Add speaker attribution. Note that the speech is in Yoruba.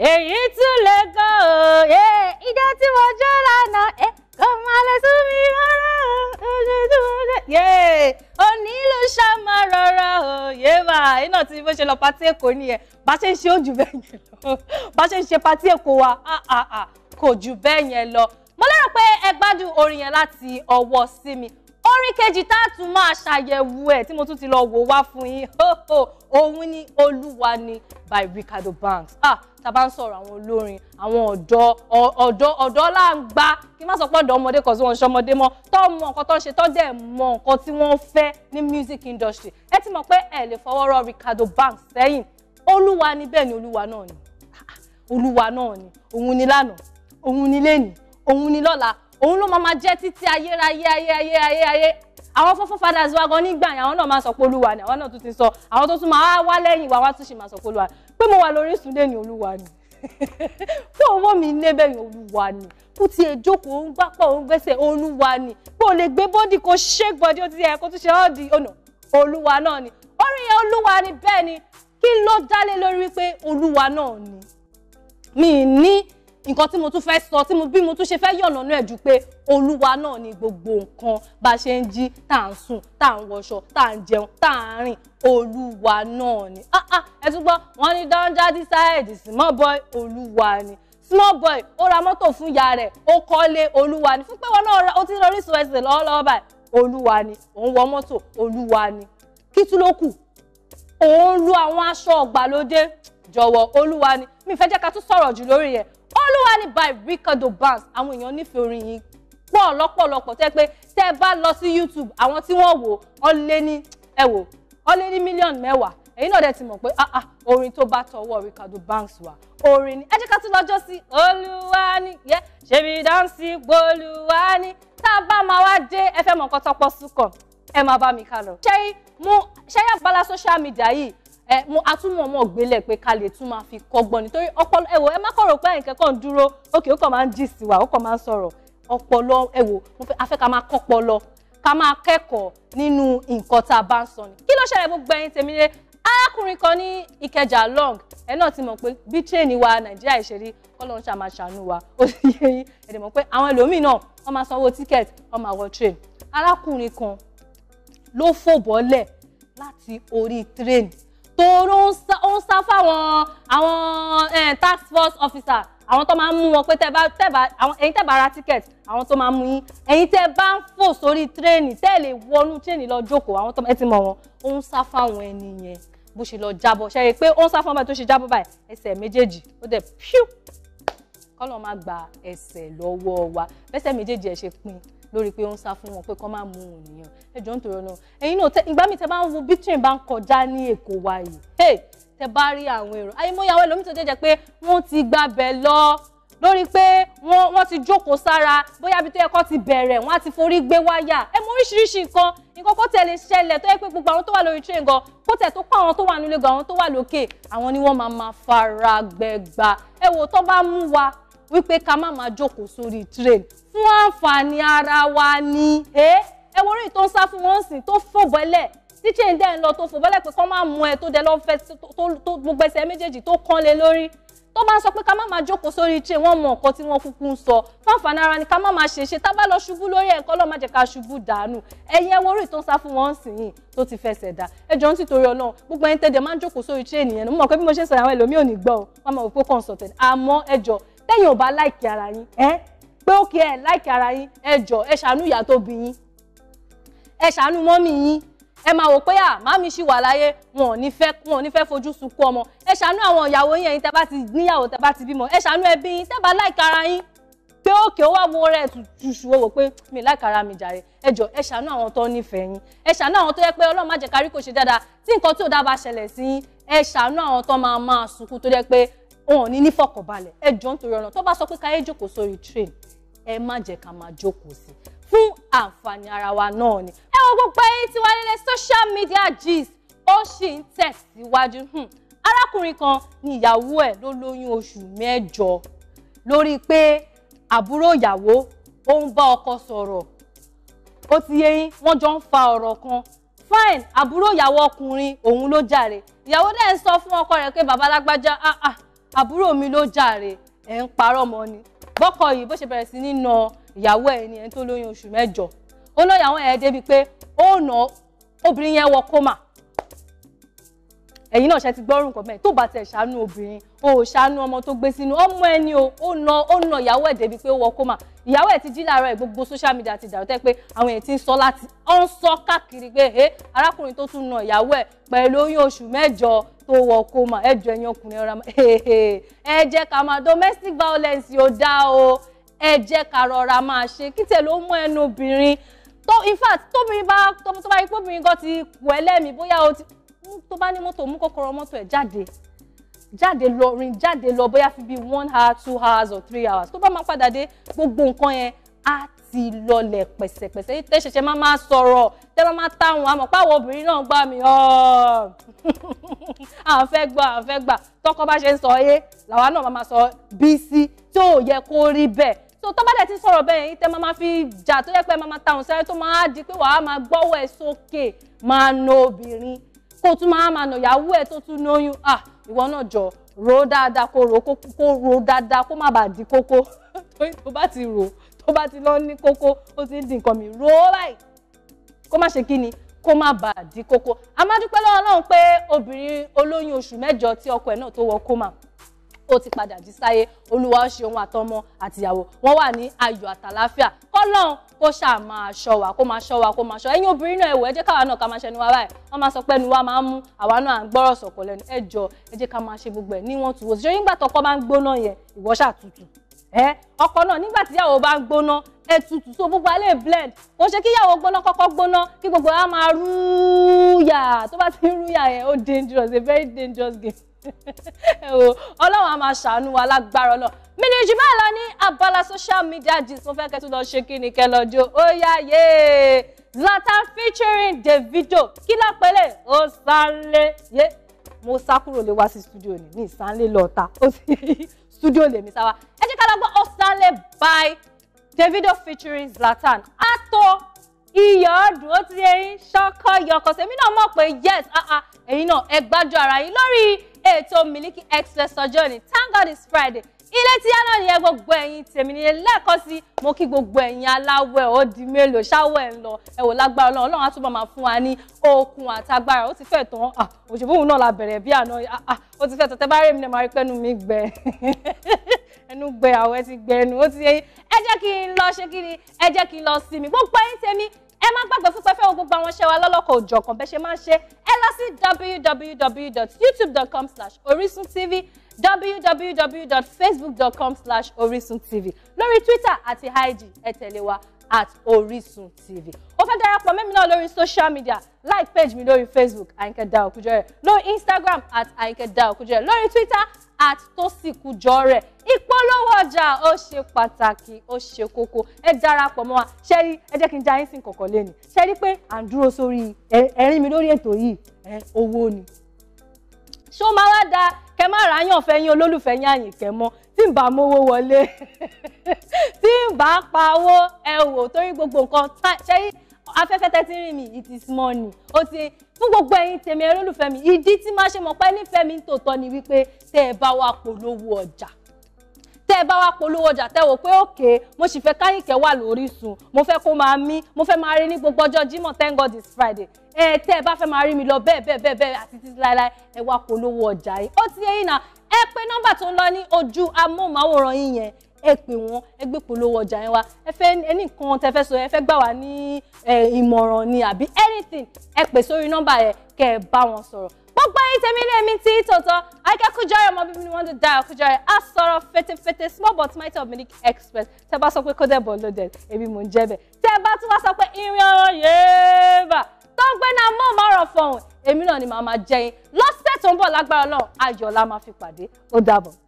Speaker 1: èyí tún lè gan o e, ìjọ tí mo jó lánàá kò má lè sún mi rárá ojú tí mo jẹ òní ló ṣá máa rọra o e, yé máa iná tí mo ṣe lọ pátí èkó nìyẹn bá ṣe ń ṣe ojú bẹ́ẹ̀ yẹn lọ bá ṣe ń ṣe pátí èkó wa kò jù bẹ́ẹ̀ yẹn lọ mo lérò pé ẹ gbádùn orin yẹn láti ọwọ́ sí mi orin kejì tá a tún máa ṣàyẹ̀wò ẹ̀ tí mo tún ti lọ wò wá fún yín òun ni olúwa ni by Ricardo Banks ah tá a bá ń sọ̀rọ̀ àwọn olórin àwọn ọ̀dọ́ ọ̀dọ́ ọ̀dọ́ là ń gbá kí n má sọ pé ọ̀dọ́ ọmọdé kan sí wọn ṣọmọdé mọ́ tó mọ nǹkan tó ń ṣe tó dẹ̀ mọ nǹkan tí wọ́n fẹ́ ní music industry ẹ ti mọ̀ pé ẹ lè fọwọ́ rọ́ Ricardo Banks sẹ́yìn olúwa ni bẹ́ẹ̀ ni olúwa náà ni olúwa náà ni òun ni lánàá òun ni lẹ́nìí òun ni lọ́la òun ló máa jẹ́ títí ayérayé ayérayé ayérayé àwọn fọ́fọ́ fathers gan nígbà yẹn àwọn náà máa sọ pé olúwa ni àwọn náà tún ti sọ àwọn tó tún máa wá lẹ́yìn wa wá tún ṣì máa sọ pé olúwa pé mo wà lórí ìsúnlẹ̀ ní olúwa ni pé ọwọ́ mi lébẹ̀ ní olúwa ni kú ti èjókòó ń gbápọ̀ ń gbẹ́sẹ̀ olúwa ni pé o lè gbé bọ́dì kó shake bọ́dì ó ti yẹ kó tún ṣe ọ́ọ̀dì ọ̀nà oh olúwa náà ni orin yẹn olúwa ni bẹ́ẹ̀ ni kí ló dálé lórí wípé olúwa náà ni mi ní nǹkan tí mo tún fẹ́ sọ tí mo bí mo tún ṣe fẹ́ yọ̀nà náà ju pé olúwa náà ni gbogbo nǹkan bá ṣe ń jí tá à ń sùn tá à ń wọṣọ tá à ń jẹun tá à ń rìn olúwa náà ni ah, ah, ẹ tún gbọ́ wọ́n ní danja decide small boy olúwa ni small boy ó ra mọ́tò fún ìyá rẹ̀ ó kọ́lé olúwa ni fún pé wọn náà ó ti lọ rí sùwẹ́sì lọ́wọ́lọ́wọ́ báyìí olúwa ni òun wọ mọ́tò olúwa ni kí tún ló kù òun lu àwọn aṣọ ọ̀gbàlódé jọ̀wọ́ olúwa ni mi fẹ́ jẹ́ ká tún sọ̀rọ̀ jù lórí yẹn olúwa ni by Ricardo Banks àwọn èèyàn nífẹ̀ẹ́ orin yìí pọ̀ lọ́pọ̀lọpọ̀ tẹ́ pé tẹ́ ẹ bá lọ sí YouTube àwọn tí wọ́n wò ó lé ní ẹ wò ó lé ní mílíọ̀nù mẹ́wàá ẹ̀yin náà dẹ̀ ti mọ̀ pé ah ah orin tó bá tọwọ́ Ricardo Banks wá orin ni ẹ jẹ́ ká tún lọ́jọ́ sí olúwa ni yẹ ṣèbí dáńsì gbólúwa ni tá a bá máa wá dé ẹ fẹ́ mọ̀ nǹkan tọ́pọ̀ sùkàn ẹ máa bá mi ká lọ. ṣẹ́yìn mú ṣẹ́yìn abala social media yìí ẹ mo atúmọ̀ ọmọ ògbélẹ̀ pé ká lè tún máa fi kọ́gbọ́n nítorí ọpọlọ ẹ wò ẹ má kọ̀rọ̀ pé ẹnìkan kàn dúró òkè ó kàn máa ń jì sí wa ó kàn máa ń sọ̀rọ̀ ọpọlọ ẹ wò mo fẹ́ afẹ́ ká máa kọ́pọlọ ká máa kẹ́kọ̀ọ́ nínú nǹkan tá a bá ń sọ ni kí ló ṣẹlẹ̀ gbogbo ẹ̀yin tèmi lé arákùnrin kan ní Ìkẹjà long ẹ náà ti mọ̀ pé bí chain wa Nàìjíríà ìṣeré kọ́lọ́n ṣàmà ṣàánú wa ó ti yé yín ẹ dẹ̀ mọ̀ pé àwọn ẹlòmíín náà wọ́n máa sanwó tíkẹ́ẹ̀tì wọ́n máa wọ train arákùnrin kan ló fò bọ́lẹ̀ láti orí train tóró ń sá fáwọn àwọn eh, tax force officer àwọn tó máa ń mú wọn pé tẹ́ bá tẹ́ bá ra ticket àwọn tó máa ń mú yín ẹ̀yin tẹ́ bá ń fò sórí tírẹ́ẹ̀nì tẹ́ lè wọnú tírẹ́ẹ̀nì lọ jókòó àwọn tó ẹ ti mọ̀ wọn ó ń sá fáwọn ẹni yẹn bó ṣe lọ jábọ̀ ṣe rí i pé ó ń sá fáwọn báyìí tó ṣe jábọ̀ báyìí ẹsẹ̀ méjèèjì ó dẹ̀ píú kọ́lọ́ máa gba ẹsẹ̀ lọ́wọ́ wa bẹ́sẹ̀ méjèèjì ẹ̀ ṣe pin lórí pé ó ń sá fún wọn pé kán má mú un nìyẹn ẹjọ́ nítorí ọ̀nà ẹ̀yin náà ìgbà mi tẹ bá ń wo bí train bá ń kọjá ní èkó wa yìí tẹ bá rí àwọn èrò ayémọ́yàwó ẹlòmíì tó jẹ́jẹ́ pé wọ́n ti gbàbẹ̀ lọ lórí pé wọ́n wọ́n ti jókòó sára bóyá ibi tó yẹ kó ti bẹ̀rẹ̀ wọ́n á ti forí gbé wáyà ẹ mọ oríṣiríṣi nǹkan nǹkan kó tẹ̀lé ṣẹlẹ̀ tó yẹ pé gbogbo àwọn tó wà lórí train gan kó tẹ̀ tó pa àwọn tó wà nílé gan àwọn tó wà lókè àwọn ni wọ́n máa ma fara gbẹgba ẹ wò tó bá mú wa wípé ká má máa jókòó sórí train fún àǹfààní ara wa ni ẹ ẹ wo orí tó ń sá fún wọn sìn tó fòbọ́lẹ̀ tíṣe ń dẹ́ ń lọ tó fòbọ́lẹ̀ pé kán máa mú ẹ tó dẹ lọ́ fẹ́ tó gbogbo ẹsẹ̀ méjèèjì tó kán lé lórí tó bá ń sọ pé ká má máa jókòó sórí iṣẹ́ wọn mọ nǹkan tí wọ́n kúkú ń sọ fáǹfààní ara ni ká má máa ṣe ṣe tá bá lọ ṣubú lórí ẹ̀kọ́ lọ́ọ́ má jẹ́ ká ṣubú dànù ẹ̀yẹ wo orí tó fún wọn sì yìn tó ti fẹsẹ̀ dá ẹjọ́ ń tìtorí ọlọ́run gbogbo ẹni tẹ́jẹ̀ máa ń jókòó sórí iṣẹ́ ènìyàn mọ̀ pé bí mo ṣe sọ àwọn ẹlòmíì ò ní gbọ́ o wọ́n máa wò pé consultant àmọ́ ẹjọ́ tẹ́yìn ò láìkí ara yín ẹ pé ó kí ẹ láìkí ara yín ẹ jọ ẹ ṣàánú ìyá tó bí yín ẹ ṣàánú mọ́mì yín ẹ máa wò pé à màmí ṣì wà láyé wọn ò ní fẹ́ wọn ò ní fẹ́ fojú sunkún ọmọ ẹ ṣàánú àwọn ìyàwó yín ẹ̀yin tẹ́ bá ti níyàwó tẹ́ bá ti bímọ ẹ ṣàánú ẹbí yín tẹ́ bá ara yín pé òkè ó wà wo rẹ tùṣù owó pé mi láìka ara mi jàre ẹ jọ ẹ ṣàánú àwọn tó nífẹ̀ẹ́ yín ẹ ṣàánú àwọn tó yẹ pé Ọlọ́run má jẹ́ kárí kò ṣe dáadáa tí nǹkan tí ò dáa bá ṣẹlẹ̀ sí yín ẹ ṣàánú àwọn tó máa máa sunkún tó yẹ pé wọn ò ní nífọ̀kànbalẹ̀ ẹ jọ nítorí ọ̀nà tó bá sọ pé káyé jókòó sórí train ẹ má jẹ́ ká máa jókòó sí fún àǹfààní ara wa náà ni. ẹ wo gbogbo ẹ̀yin tí wàá nílé social media gist ó sì ń tẹ̀síwájú hmm. arákùnrin kan ni ìyàwó ẹ̀ ló lóyún oṣù mẹ́jọ lórí pé àbúrò ìyàwó ó ń bá ọkọ sọ̀rọ̀ ó ti yé yín jọ ń fa ọ̀rọ̀ kan fine àbúrò ìyàwó ọkùnrin òun ló jàre ìyàwó dẹ̀ ń sọ fún ọkọ rẹ̀ pé bàbá lágbájá ah, ah, àbúrò mi ló jàre ẹ̀ ń parọ́ mọ́ ni bọ́kọ yìí bó ṣe bẹ̀rẹ̀ sí ní na ìyàwó ẹ̀ ni ẹni tó lóyún oṣù mẹ́jọ ó náà ẹ̀ débi pé ó nà obìnrin yẹn wọ kómà ẹ̀yin náà ṣe ti gbọ́rùn kọ́ bẹ́ẹ̀ tó bá tẹ̀ ṣàánú obìnrin o ò ṣàánú ọmọ tó gbé sínú ọmọ ẹni o ó na ó na ìyàwó ẹ̀ débi pé ó wọ kómà ìyàwó ẹ̀ ti jí láàárọ̀ ẹ̀ gbogbo social media ti dàrú tẹ́ pé àwọn èèyàn ti ń sọ láti ọ̀ ń sọ káàkiri pé ẹ arákùnrin tó tún na ìyàwó ẹ̀ pẹ̀lú oyún oṣù mẹ́jọ tó wọ kómà ẹ jọ ẹ̀yin ọkùnrin ọ̀rọ̀ ẹ jẹ́ ká máa domestic violence yóò dá o ẹ jẹ́ ká rọra máa ṣe kí ló mú ẹnu obìnrin tó in fact tóbìnrin bá tó bá yẹ kóbìnrin gan ti wẹ̀lẹ́mì bóyá o ti tó bá ní mọ́tò mú kọ́kọ́rọ́ mọ́tò ẹ̀ jáde jáde lọ rìn jáde lọ bóyá fi bí one hour two hours or three hours tó bá máa padà dé gbogbo nǹkan yẹn á ti lọlẹ̀ pẹ̀sẹ̀pẹ̀sẹ̀ tẹ́ ṣẹ̀ṣẹ̀ máa máa sọ̀rọ̀ tẹ́ máa máa táwọn àmọ̀ páwọn obìnrin náà gbà mí à ń fẹ́ gbà à ń fẹ́ gbà tọkọ bá ṣe ń sọ é làwa náà máa máa sọ bí sí tí ò yẹ kó rí bẹ́ẹ̀ so tó bá dẹ̀ ti sọ̀rọ̀ bẹ́ẹ̀ yìí tẹ́ máa máa fi jà tó yẹ pé máa máa táwọn sẹ́yìn tó máa di pé wàá máa gbọ́wọ́ ẹ̀ sókè máa na obìnrin kó tún máa máa nà ìyàwó ẹ̀ tó tún lóyún ah ìwọ náà jọ ro dáadáa kó ro kó ro dáadáa kó má bàa di kókó torí tó bá ti ro tó bá ti lọ ní kókó ó ti ń di nǹkan mi ro báyìí kó má ṣe kí ni kó má bàa di kókó a máa dúpẹ́ lọ́wọ́ Ọlọ́run pé obìnrin olóyún oṣù mẹ́jọ tí ọkọ ẹ̀ náà tó wọ kómà tó ti padà jí sáyé olúwa ó ṣe òun àtọmọ àtìyàwó wọn wà ní ayọ̀ àtàláfíà kọ́lọ́n kó ṣáà máa ṣọ́ wa kó máa ṣọ́ wa kó máa ṣọ́ ẹ̀yin obìnrin náà ẹ̀wọ̀ ẹ jẹ́ káwa náà ká máa ṣẹnu wa báyìí wọ́n máa sọ pé ẹnu wa máa ń mú àwa náà à ń gbọ́rọ̀ sọ̀kọ̀ lẹ́nu ẹ jọ ká máa ṣe gbogbo ẹ̀ níwọ̀n tún wò sí ṣé nígbà tọkọ bá ń gbóná yẹn ìwọ ṣáà tutù ẹ ọkọ náà nígbà tíyàwó bá ń gbóná ẹ tutù so gbogbo alẹ́ blend kò ṣe kíyàwó gbóná kọ́kọ́ gbóná kí gbogbo wa máa rúùyà tó bá ti ń yẹn ó dangerous a very dangerous game ẹ̀wò a máa ṣàánú wa lágbára náà méjì báyìí la ní abala social media gist fẹ́ kẹ́ lọ ṣe kí ni kẹ́ ó yá yé Zlatan featuring Davido kí lápẹ́lẹ̀ ó sálé yé mo sá kúrò lé wá sí studio ní ní ìsánlé lọ́ta ó sì studio lè mi sáwá ẹ jẹ́ ká lọ gbọ́ ó sálé by Davido featuring Zlatan ato iyọ̀ ọdún ó ti ẹyin ṣọ́kọ́ yọkọ̀ sẹ́mi náà mọ̀ pé yes ah, ah. ẹ̀yin náà ẹ gbájú ara yín lórí ètò Miliki Express ọjọ́ ni thank God it's Friday ilé tí yánà nìyẹn gbogbo ẹ̀yin tèmi nílé lẹ́ẹ̀kan sí mo kí gbogbo ẹ̀yin aláwẹ̀ ó di mélòó ṣáwẹ̀ ń lọ ẹ wò lágbára Ọlọ́run Ọlọ́run á túbọ̀ máa fún wa ní okun àtagbára ó ti fẹ́ tán òṣèbóhùn náà la bẹ̀rẹ̀ bí àná ó ti fẹ́ tán tẹ́ bá rí mi náà máa rí pẹ́nu mi gbẹ ẹnu gbẹ àwẹ̀ ti gbẹ ẹnu ó ti ẹ jẹ́ kí n lọ ṣe kí ni ẹ jẹ́ kí n lọ sinmi gbogbo ẹ̀yin tèmi ẹ má gbàgbé fún pẹ́fẹ́ wo gbogbo àwọn iṣẹ́ wa lọ́lọ́kọ̀ òjọ̀kan bẹ́ẹ̀ ṣe máa ń ṣe ẹ lọ sí www.youtube.com slash orisun tv www.facebook.com slash orisun tv lórí twitter àti ig ẹ tẹ̀lé wa at orisun tv ó fẹ́ darapọ̀ mẹ́mi náà lórí social media like page mi lórí facebook Àyìnkẹ́ Dao Kujore lórí instagram at Àyìnkẹ́ Dao Kujore lórí twitter at Tósìn Kújọrẹ̀ ìpolówó ọjà ó ṣe pàtàkì ó ṣe kókó ẹ darapọ̀ mọ́ wa ṣẹ́rí ẹ jẹ́ kí n já yín sìn kọ̀kọ̀ lẹ́nu ṣẹ́rí pé à ń dúró sórí ẹ̀rín mi lórí ètò yìí owó ni ṣó máa wá da kẹ má ráyàn fẹyìn olólùfẹ́ yín àyìnkẹ mọ tí n bá mówó wọlé tí n bá pawó ẹ wò torí gbogbo nǹkan ṣẹ́yìn afẹ́fẹ́ tẹ́tí rìn mi it is money ó ti fún gbogbo ẹ̀yin tèmi ẹ̀rọ olùfẹ́ mi ìdí tí máa ṣe mọ̀ pé nífẹ̀ẹ́ ń tòótọ́ ni wípé tẹ́ ẹ bá wa polówó ọjà tẹ́ ẹ bá wá polówó ọjà tẹ́ wò pé òkè mo sì fẹ́ káyìnkẹ́ wà lórísun mo fẹ́ kó máa mí mo fẹ́ máa rí ní gbogbo ọjọ́ Jímọ̀ thank God it's Friday ẹ tẹ́ ẹ bá fẹ́ máa rí mi lọ bẹ́ẹ̀ bẹ́ẹ̀ bẹ́ẹ̀ bẹ́ẹ̀ àti títí láéláé ẹ wá polówó ọjà yìí ó ti yẹ yín náà ẹ pé nọ́mbà tó ń lọ ní ojú amóhùnmáwòrán yín yẹn ẹ pè wọn ẹ gbé polówó ọjà yẹn wá ẹ fẹ́ ẹni kan tẹ fẹ́ sọ ẹ fẹ́ gbà wá ní ìmọ̀ràn ni àbí anything ẹ pè sórí nọ́mbà yẹn kẹ́ ẹ bá wọn sọ̀rọ̀ gbogbo yìí tẹ̀mí ní ẹ̀mí tí tòótọ́ àyíká Kújọrẹ ọmọ bíbí ni wọ́n ti dá Kújọrẹ á sọ̀rọ̀ fetefete small but mighty of Miliki Express tẹ́ bá sọ pé kó dẹ̀bọ̀ loaded èmi mò ń jẹ́ bẹ̀ tẹ́ bá tún wá sọ pé irin ọ̀rọ̀ yéèbà tó ń gbé náà mọ́ ọ̀mọ́ ọ̀rọ̀ fọ̀hún èmi náà ni màá máa jẹ́ yín lọ́sẹ̀ tó ń bọ̀ lágbára Ọlọ́run ayọ̀ la máa fi pàdé ó dàbọ̀.